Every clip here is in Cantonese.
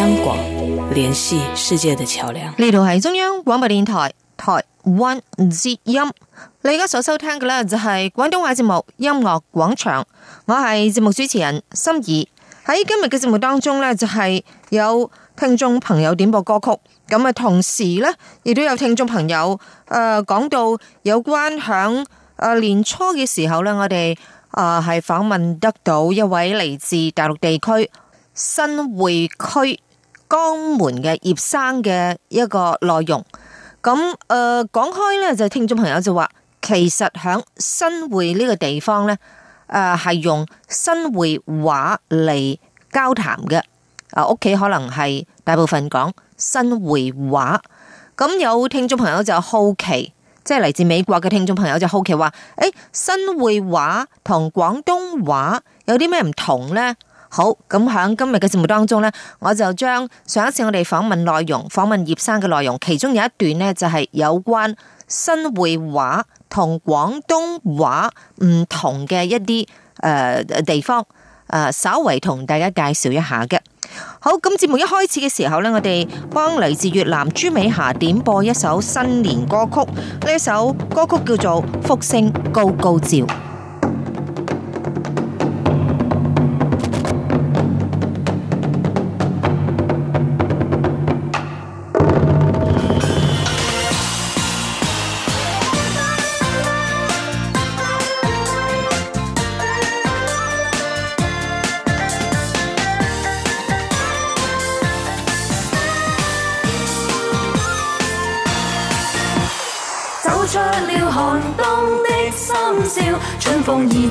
香港聯繫世界的橋梁。呢度係中央廣播電台台灣之音，你而家所收聽嘅咧就係廣東話節目《音樂廣場》，我係節目主持人心儀，喺今日嘅節目當中咧，就係有聽眾朋友點播歌曲，咁啊，同時咧亦都有聽眾朋友誒講到有關響誒年初嘅時候咧，我哋誒係訪問得到一位嚟自大陸地區新會區。江門嘅葉生嘅一個內容，咁誒講開呢就聽眾朋友就話，其實響新會呢個地方呢，誒、呃、係用新會話嚟交談嘅，啊屋企可能係大部分講新會話，咁有聽眾朋友就好奇，即係嚟自美國嘅聽眾朋友就好奇話，誒、欸、新會話同廣東話有啲咩唔同呢？好咁喺今日嘅節目當中呢，我就將上一次我哋訪問內容，訪問葉生嘅內容，其中有一段呢，就係、是、有關新會話同廣東話唔同嘅一啲誒、呃、地方，呃、稍微同大家介紹一下嘅。好咁，節目一開始嘅時候呢，我哋幫嚟自越南朱美霞點播一首新年歌曲，呢首歌曲叫做《福星高高照》。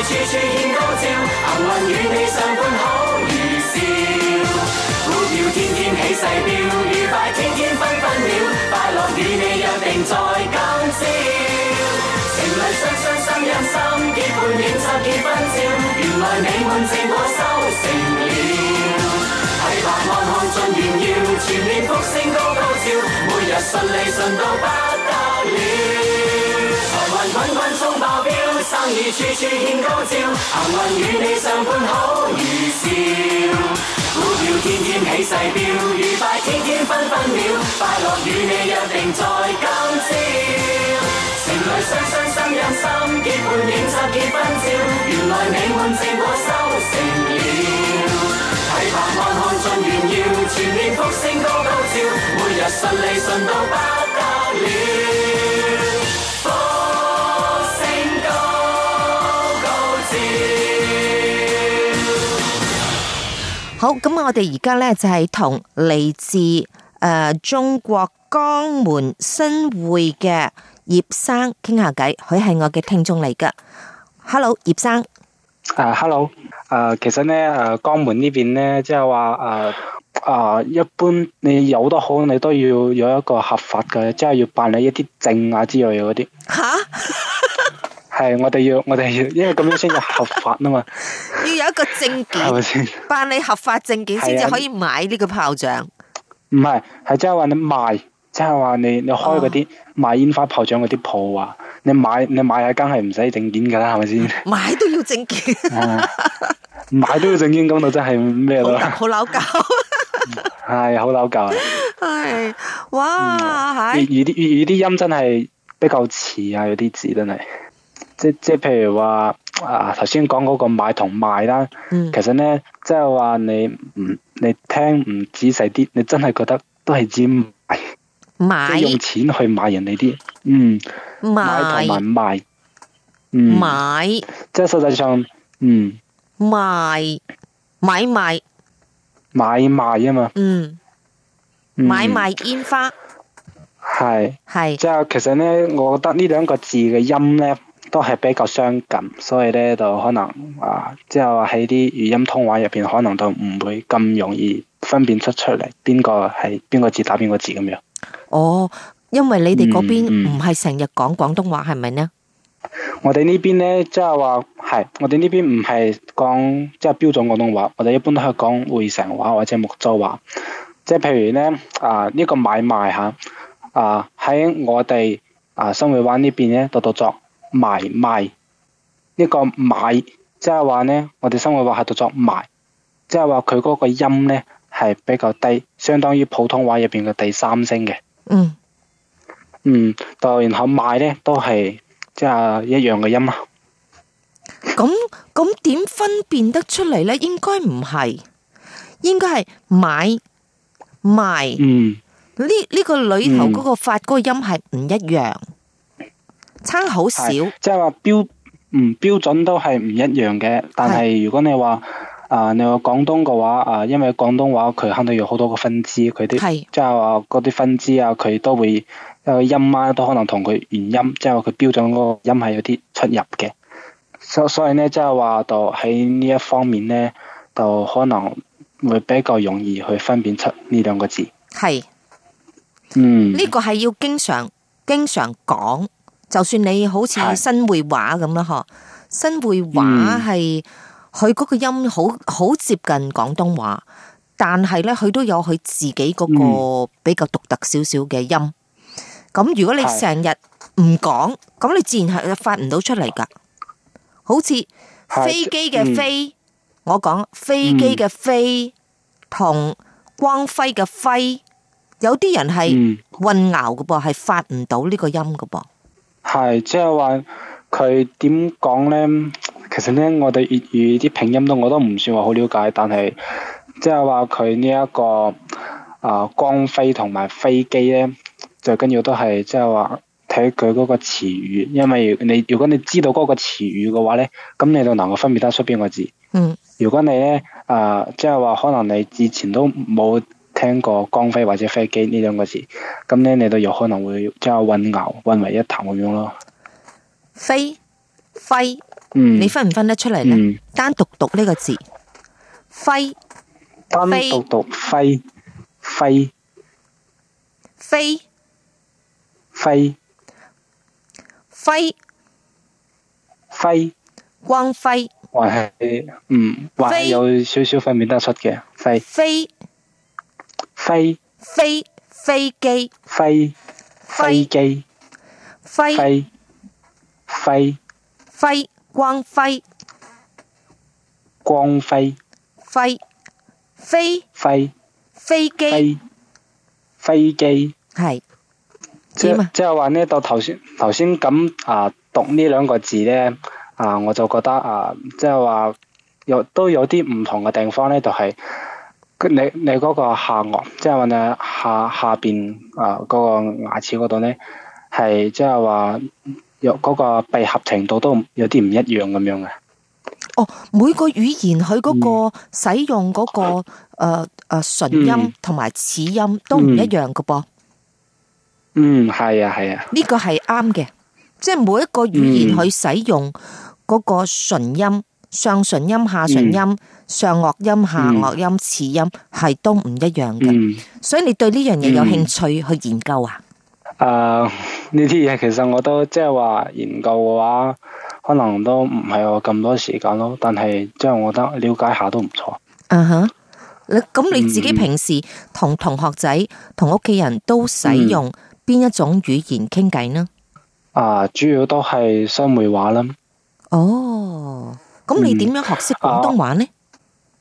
處處現高照，幸運與你相伴好如笑。股票天天起勢飆，愉快天天分分秒，快樂與你約定在今朝。情侶雙雙心印心，結伴影集結婚照，原來你們自我修成了。睇白安康盡炫耀，全面福星高高照，每日順利順到不得了。財運滾滾衝爆生意處處現高照，幸運與你相伴好如兆。股票天天起勢飆，愉快天天分分秒，快樂與你約定在今朝。情侶雙雙心印心，結伴影集結婚照，原來你滿自我修成了。睇怕看看盡炫耀，全面福星高高照，每日順利順到不得了。好，咁我哋而家咧就係同嚟自誒中國江門新會嘅葉生傾下偈，佢係我嘅聽眾嚟噶。Hello，葉生。誒，uh,Hello。誒，其實咧誒，江門呢邊咧，即係話誒誒，uh, uh, 一般你有都好，你都要有一個合法嘅，即係要辦理一啲證啊之類嗰啲。吓？Huh? 係，我哋要，我哋要，因為咁樣先至合法啊嘛。要有一個證件，係咪先？辦理合法證件先至可以買呢個炮仗。唔係，係即係話你賣，即係話你你開嗰啲賣煙花炮仗嗰啲鋪啊，你買你買啊，梗係唔使證件噶啦，係咪先？買都要證件，買都要證件，講到真係咩咯？好扭鳩，係好扭鳩。唉，哇，係。粵語啲粵語啲音真係比較似啊，有啲字真係。即即係譬如話啊，頭先講嗰個買同賣啦，嗯、其實呢，即係話你唔你聽唔仔細啲，你真係覺得都係指買，即用錢去買人哋啲嗯買，買同埋賣，買即係、嗯、買實際上嗯賣買，買買買買啊嘛嗯買賣煙花係係即係其實呢，我覺得呢兩個字嘅音呢。都係比較相近，所以咧，就可能啊，即係話，喺啲語音通話入邊，可能就唔會咁容易分辨出出嚟邊個係邊個字打邊個字咁樣。哦，因為你哋嗰邊唔係成日講廣東話係咪呢？我哋呢邊咧，即係話係我哋呢邊唔係講即係標準廣東話，我哋一般都係講會城話或者木洲話。即係譬如咧啊，呢個買賣嚇啊，喺我哋啊新會灣呢邊咧度度作。多多埋賣，呢個買即係話呢，我哋生活話係讀作埋，即係話佢嗰個音呢係比較低，相當於普通話入邊嘅第三聲嘅。嗯。嗯，到然後賣呢都係，即係一樣嘅音啊。咁咁點分辨得出嚟呢？應該唔係，應該係買賣。嗯。呢呢個裏頭嗰個發嗰個音係唔一樣。差好少，即係話，標唔標準都係唔一樣嘅。但係如果你話啊是、呃、你話廣東嘅話啊，因為廣東話佢肯定有好多個分支，佢啲即係話嗰啲分支啊，佢都會個音啊都可能同佢原音，即係話佢標準嗰個音係有啲出入嘅。所所以呢，即係話就喺、是、呢一方面呢，就可能會比較容易去分辨出呢兩個字。係是，嗯，呢個係要經常經常講。就算你好似新會話咁啦，嗬是，新會話係佢嗰個音好好接近廣東話，但係咧佢都有佢自己嗰個比較獨特少少嘅音。咁、嗯、如果你成日唔講，咁是你自然係發唔到出嚟噶。好似飛機嘅飛，嗯、我講飛機嘅飛同、嗯、光輝嘅輝，有啲人係混淆嘅噃，係、嗯、發唔到呢個音嘅噃。係，即係話佢點講咧？其實咧，我對粵語啲拼音都我都唔算話好了解，但係即係話佢呢一個啊、呃、光輝同埋飛機咧，最緊要都係即係話睇佢嗰個詞語，因為你如果你知道嗰個詞語嘅話咧，咁你就能夠分別得出邊個字。嗯。如果你咧啊，即係話可能你之前都冇，聽過光輝或者飛機呢兩個字，咁呢你都有可能會即係混淆、混為一談咁樣咯。飛輝，你分唔分得出嚟呢？單獨讀呢個字，輝，單獨讀輝、輝、輝、輝、輝、輝、光輝，還係嗯，還係有少少分辨得出嘅，輝輝。飛飛飛機飛飛機飛飛光輝光輝輝飛飛飛機飛機係即係即係話呢，到頭先頭先咁啊讀呢兩個字呢，啊，我就覺得啊，即係話有都有啲唔同嘅地方呢，就係。你你嗰個下顎，即係話你下下邊啊嗰個牙齒嗰度咧，係即係話有嗰個閉合程度都有啲唔一樣，咁樣嘅。哦，每個語言佢嗰個使用嗰個誒誒唇音同埋齒音都唔一樣㗎噃。嗯，係啊，係啊。呢個係啱嘅，即係每一個語言佢使用嗰個唇音，上唇音、下唇音、上顎音、下顎音、齒音係都唔一樣嘅，所以你對呢樣嘢有興趣去研究啊？誒，呢啲嘢其實我都即係話研究嘅話，可能都唔係有咁多時間咯。但係即係我覺得了解下都唔錯。嗯哼，你咁你自己平時同同學仔、同屋企人都使用邊一種語言傾偈呢？啊，主要都係新會話啦。哦。咁你點樣學識廣東話呢？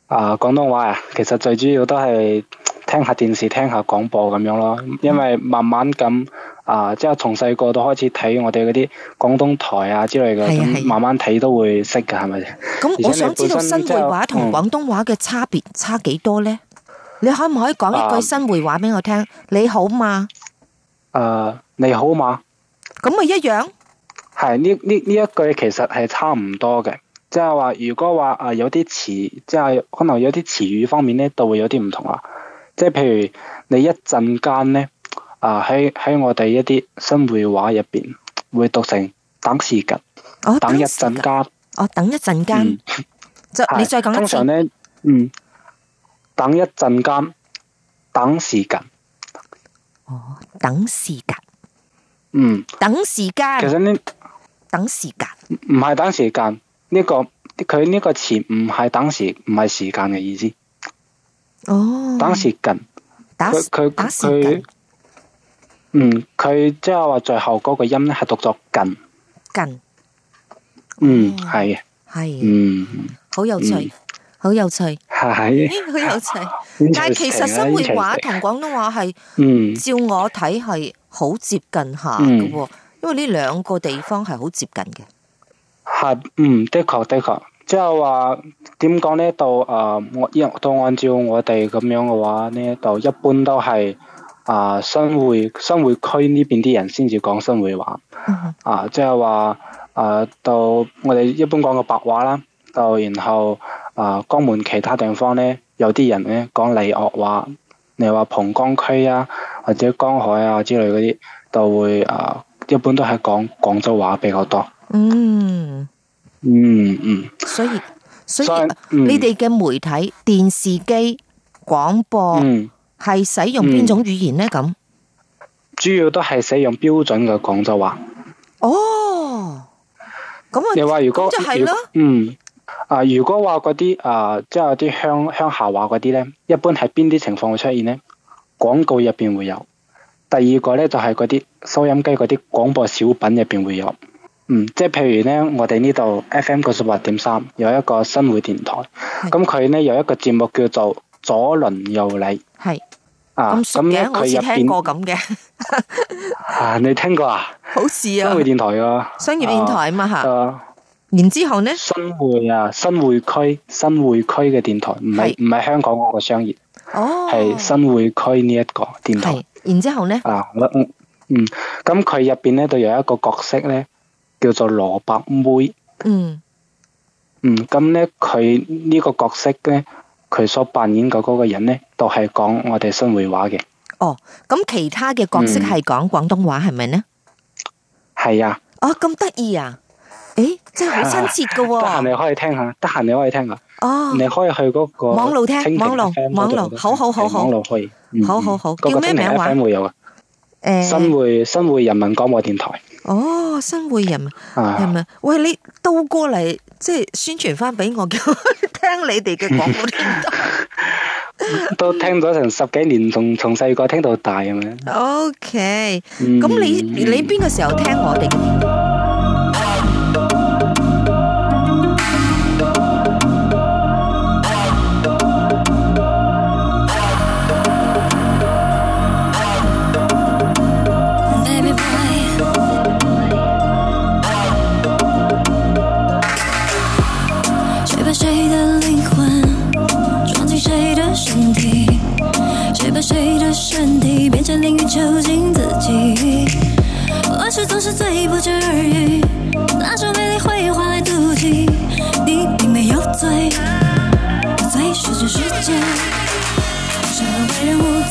嗯、啊，廣、啊、東話啊，其實最主要都係聽下電視、聽下廣播咁樣咯。因為慢慢咁啊，即係從細個都開始睇我哋嗰啲廣東台啊之類嘅，是啊是啊，慢慢睇都會識㗎，係咪、啊？咁、嗯、我想知道新會話同廣東話嘅差別差幾多呢？你可唔可以講一句新會話俾我聽？你好嘛？啊，你好嘛？咁咪一樣。係呢呢呢，一句其實係差唔多嘅。即係話，如果話啊有啲詞，即係可能有啲詞語方面咧，都會有啲唔同啦、啊。即係譬如你一陣間咧，啊喺喺我哋一啲新會話入邊，會讀成等時間、哦哦，等一陣間，哦等一陣間，即再你再講一次通常，嗯，等一陣間，等時間，哦，等時間，嗯，等時間，其實呢，等時間，唔唔係等時間。呢個佢呢個詞唔係等時，唔係時間嘅意思。哦，等時近，佢佢佢，嗯，佢即係話最後嗰個音咧係讀作近近。嗯，係嘅，係，嗯，好有趣，好有趣，係，好有趣。但係其實生活話同廣東話係，嗯，照我睇係好接近下嘅，因為呢兩個地方係好接近嘅。係，嗯，的確的確，即係話點講呢？到我一到按照我哋咁樣嘅話呢，就一般都係啊新會新會區呢邊啲人先至講新會話，啊，即係話到我哋一般講個白話啦，到然後啊江門其他地方呢，有啲人咧講禮樂話，你話蓬江區啊或者江海啊之類嗰啲，就會啊一般都係講廣州話比較多。嗯，嗯嗯，所以所以，所以你哋嘅媒體、嗯、電視機、廣播係、嗯、使用邊種語言呢？咁、嗯嗯、主要都係使用標準嘅廣州話。哦，咁、啊、你話如果，如果嗯啊，如果話嗰啲啊，即係啲鄉鄉下話嗰啲呢，一般喺邊啲情況會出現呢？廣告入邊會有，第二個呢，就係嗰啲收音機嗰啲廣播小品入邊會有。嗯，即係譬如咧，我哋呢度 F M 九十八點三有一個新會電台，咁佢咧有一個節目叫做左鄰右里，係咁熟嘅，我聽過咁嘅。啊，你聽過啊？好似啊，新會電台啊，商業電台啊嘛吓。然之後咧，新會啊，新會區新會區嘅電台，唔係唔係香港嗰個商業，係新會區呢一個電台。然之後咧，啊，我嗯嗯，咁佢入邊咧就有一個角色咧。叫做蘿蔔妹。嗯，嗯，咁咧佢呢個角色咧，佢所扮演嘅嗰個人咧，都係講我哋新會話嘅。哦，咁其他嘅角色係講廣東話係咪呢？係啊。啊，咁得意啊！誒，真係好親切㗎。得閒你可以聽下，得閒你可以聽下。哦，你可以去嗰個網絡聽。網絡，網絡，好好好好。網絡可以。好好好，叫咩名話？新會、欸、新會人民廣播電台。哦，新會人，人民，係咪、啊？喂，你到過嚟即係宣傳翻俾我，聽你哋嘅廣播電台。 都聽咗成十幾年，從從細個聽到大咁樣。O K，咁你、嗯、你邊個時候聽我哋？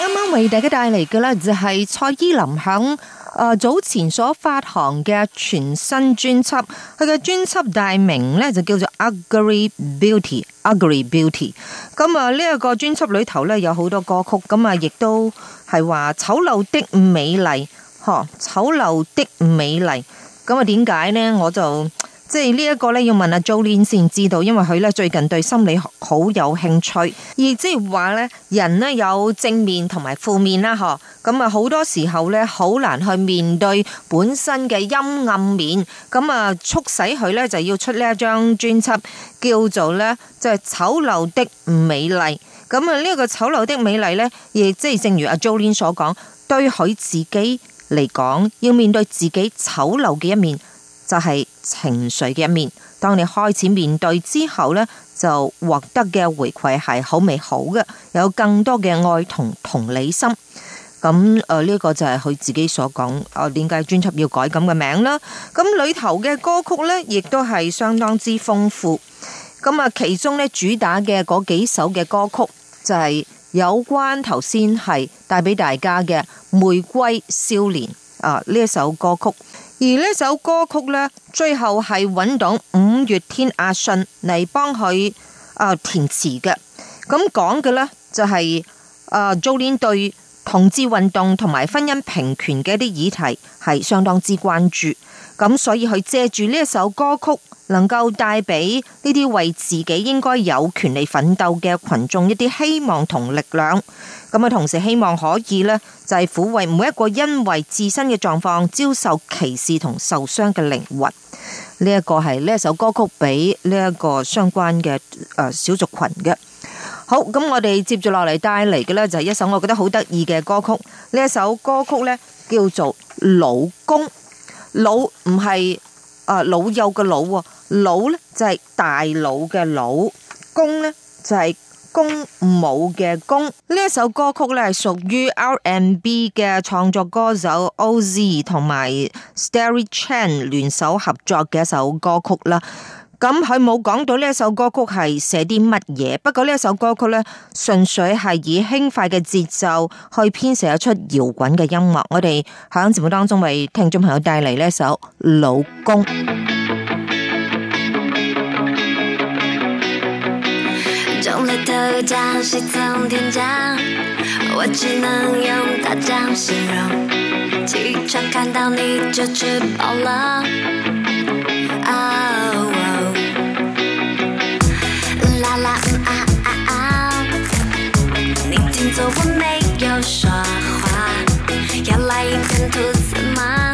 啱啱為大家帶嚟嘅呢，就係蔡依林響、呃、早前所發行嘅全新專輯，佢嘅專輯大名呢，就叫做《Ugly Beauty》，Ugly Beauty。咁啊呢一個專輯裏頭呢有好多歌曲，咁啊亦都係話醜陋的美麗，嗬，醜陋的美麗。咁啊點解呢？我就。即係呢一個咧，要問阿 Jolin 先知道，因為佢咧最近對心理學好有興趣。而即係話咧，人咧有正面同埋負面啦，嗬。咁啊，好多時候咧好難去面對本身嘅陰暗面。咁啊，促使佢咧就要出呢一張專輯，叫做咧就係醜陋的美麗。咁啊，呢一個醜陋的美麗咧，亦即係正如阿 Jolin 所講，對佢自己嚟講，要面對自己醜陋嘅一面就係。情緒嘅一面，當你開始面對之後呢，就獲得嘅回饋係好美好嘅，有更多嘅愛同同理心。咁誒，呢、呃這個就係佢自己所講。誒、呃，點解專輯要改咁嘅名啦？咁裏、呃、頭嘅歌曲呢，亦都係相當之豐富。咁啊，其中咧主打嘅嗰幾首嘅歌曲，就係、是、有關頭先係帶俾大家嘅玫瑰少年啊呢一首歌曲。而呢首歌曲呢，最後係搵到五月天阿信嚟幫佢填詞嘅。咁講嘅呢，就係早年對同志運動同埋婚姻平權嘅啲議題係相當之關注。咁所以佢借住呢一首歌曲，能夠帶俾呢啲為自己應該有權利奮鬥嘅群眾一啲希望同力量。咁啊，同時希望可以呢，就係撫慰每一個因為自身嘅狀況遭受歧視同受傷嘅靈魂。呢一個係呢一首歌曲俾呢一個相關嘅誒小族群嘅。好，咁我哋接住落嚟帶嚟嘅呢，就係一首我覺得好得意嘅歌曲。呢一首歌曲呢，叫做《老公》。老唔係啊老幼嘅老，老咧，哦，就係、是，大佬嘅老，公咧就係、是，公母嘅公。呢一首歌曲咧，係屬於 R&B 嘅創作歌手 Oz 同埋 Starry Chan 聯手合作嘅一首歌曲啦。咁佢冇講到呢一首歌曲係寫啲乜嘢，不過呢一首歌曲咧，純粹係以輕快嘅節奏去編寫一出搖滾嘅音樂。我哋響節目當中為聽眾朋友帶嚟呢一首《老公》。走，我沒有說話，要來一片兔子嗎？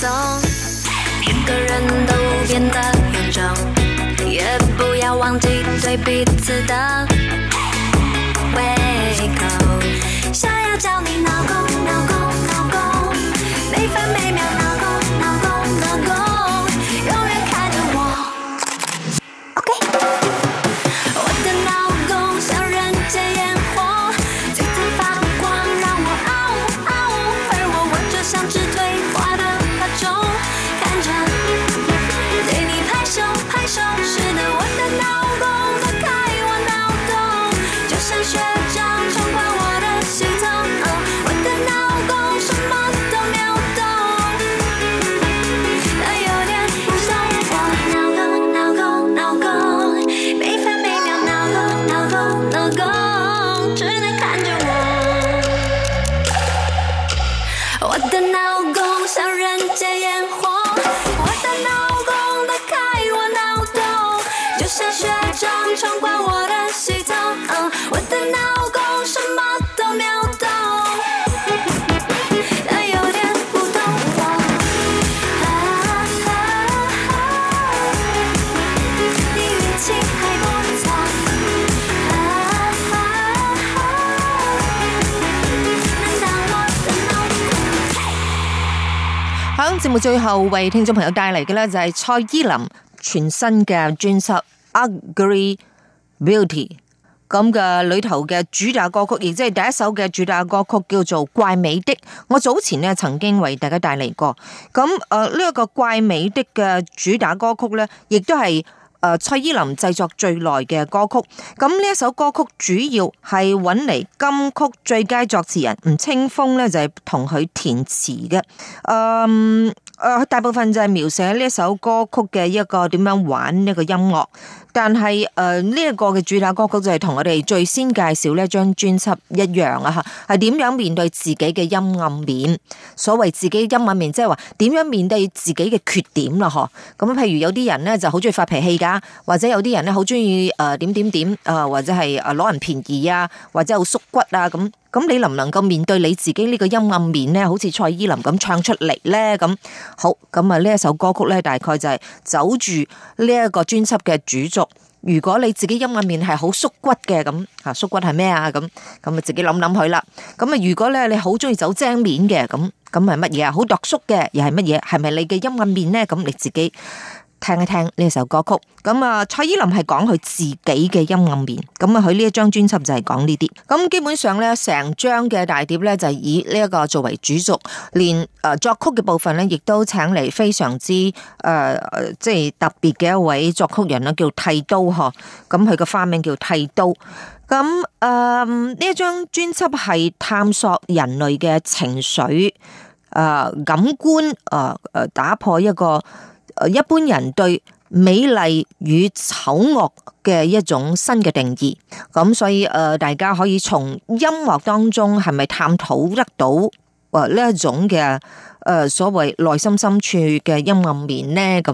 兩一個人都變得臃腫，也不要忘記對彼此的胃口。想要叫你老公。我最後為聽眾朋友帶嚟嘅呢，就係蔡依林全新嘅專輯《Ugly Beauty》咁嘅裏頭嘅主打歌曲，亦即係第一首嘅主打歌曲叫做《怪美的》。我早前咧曾經為大家帶嚟過。咁誒呢一個《怪美的》嘅主打歌曲呢，亦都係誒蔡依林製作最耐嘅歌曲。咁呢一首歌曲主要係揾嚟金曲最佳作詞人吳青峰呢，就係同佢填詞嘅。嗯。誒，大部分就係描寫呢一首歌曲嘅一個點樣玩呢個音樂，但係誒呢一個嘅主打歌曲就係同我哋最先介紹呢一張專輯一樣啊吓，係點樣面對自己嘅陰暗面？所謂自己陰暗面，即係話點樣面對自己嘅缺點啦嗬？咁譬如有啲人咧就好中意發脾氣噶，或者有啲人咧好中意誒點點點啊，或者係誒攞人便宜啊，或者好縮骨啊咁。咁你能唔能夠面對你自己呢個陰暗面咧？好似蔡依林咁唱出嚟，咧咁好。咁啊呢一首歌曲咧，大概就係走住呢一個專輯嘅主軸。如果你自己陰暗面係好縮骨嘅咁吓，縮骨係咩啊？咁咁啊自己諗諗佢啦。咁啊如果咧你好中意走正面嘅，咁咁係乜嘢啊？好哆縮嘅又係乜嘢？係咪你嘅陰暗面咧？咁你自己，聽一聽呢首歌曲，咁啊，蔡依林係講佢自己嘅陰暗面，咁啊，佢呢一張專輯就係講呢啲，咁基本上咧，成張嘅大碟咧就係以呢一個作為主軸，連誒、呃、作曲嘅部分咧，亦都請嚟非常之誒、呃、即係特別嘅一位作曲人啦，叫剃刀嗬，咁佢個花名叫剃刀，咁誒呢一張專輯係探索人類嘅情緒，誒、呃、感官，誒、呃、誒打破一個。一般人對美麗與醜惡嘅一種新嘅定義，咁所以誒大家可以從音樂當中係咪探討得到誒呢一種嘅誒所謂內心深處嘅陰暗面呢？咁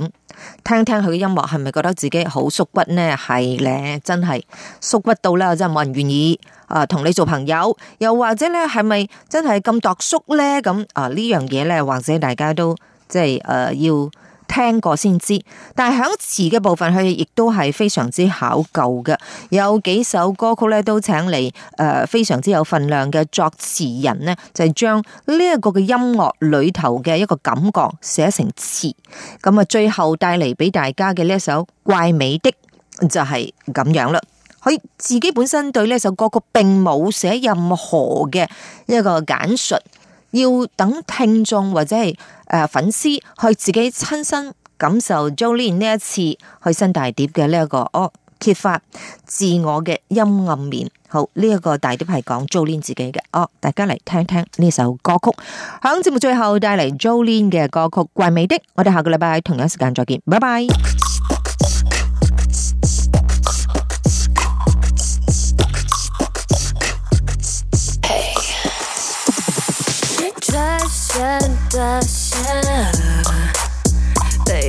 聽聽佢嘅音樂係咪覺得自己好縮骨呢？係咧，真係縮骨到咧，真係冇人願意啊同你做朋友。又或者咧係咪真係咁度縮呢？咁啊呢樣嘢咧，或者大家都即係誒要。聽過先知，但係響詞嘅部分，佢亦都係非常之考究嘅。有幾首歌曲咧，都請嚟誒非常之有份量嘅作詞人呢，就係將呢一個嘅音樂裏頭嘅一個感覺寫成詞。咁啊，最後帶嚟俾大家嘅呢一首怪美的就係咁樣啦。佢自己本身對呢首歌曲並冇寫任何嘅一個簡述。要等聽眾或者係誒粉絲去自己親身感受 Jolin 呢一次去新大碟嘅呢一個哦揭發自我嘅陰暗面。好，呢一個大碟係講 Jolin 自己嘅哦，大家嚟聽聽呢首歌曲。響節目最後帶嚟 Jolin 嘅歌曲《怪美的》，我哋下個禮拜同樣時間再見，拜拜。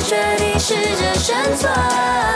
決定試着生存。